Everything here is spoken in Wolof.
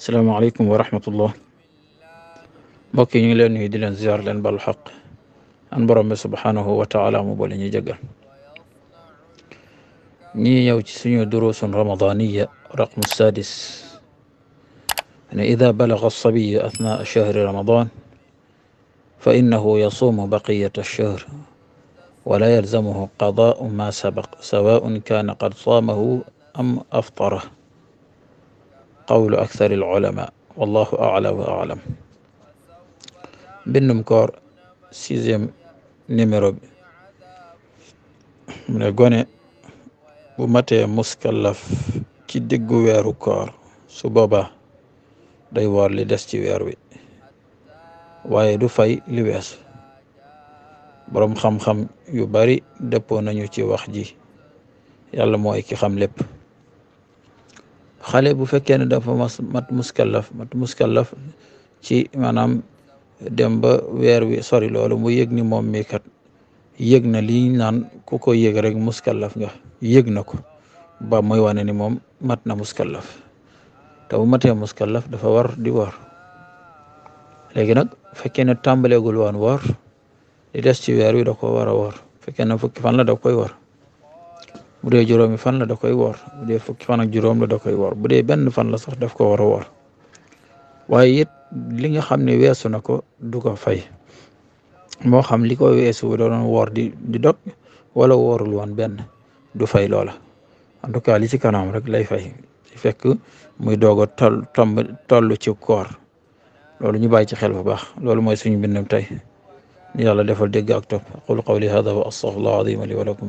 السلام عليكم ورحمة الله بكي نيلان يدلن زيار لن بالحق أن برمي سبحانه وتعالى مبالي جغل ني يو تسنيو دروس رمضانية رقم السادس أن يعني إذا بلغ الصبي أثناء شهر رمضان فإنه يصوم بقية الشهر ولا يلزمه قضاء ما سبق سواء كان قد صامه أم أفطره qawlu akthari al ulama wallahu a'la a'lam mbindum koor sixième numéro bi mu ne gone bu matee muskallaf ci diggu weeru koor su boobaa day woor li des ci weer wi waaye du fay li weesu boroom xam-xam yu bari dëppoo nañu ci wax ji yàlla mooy ki xam lépp xale bu fekkee ne dafa mat muskallaf mat muskallaf ci maanaam dem ba weer wi sori loolu mu yëg ni moom mi kat yëg na li naan ku ko yëg rek muskallaf nga yëg na ko ba mooy wane ni moom mat na muskallaf te bu matee muskallaf dafa war di war léegi nag fekkee ne tàmbaleegul wan war li des ci weer wi da ko war a woor fekkee ne fukki fan la da koy woor bu dee juróomi fan la da koy woor bu dee fukki fan juróom la da koy woor bu dee benn fan la sox daf ko war a woor waaye it li nga xam ne weesu na ko du ko fay moo xam li ko weesu doon woor di di dog wala woorul woon benn du fay loola en tout cas li ci kanam rek lay fay ci fekk muy doog a toll tomb toll ci koor loolu ñu bàyyi ci xel bu baax loolu mooy suñu bindam tey yàlla defal dégg ak topp aqulu qawli hada wa astaghfirullah azim li wa lakum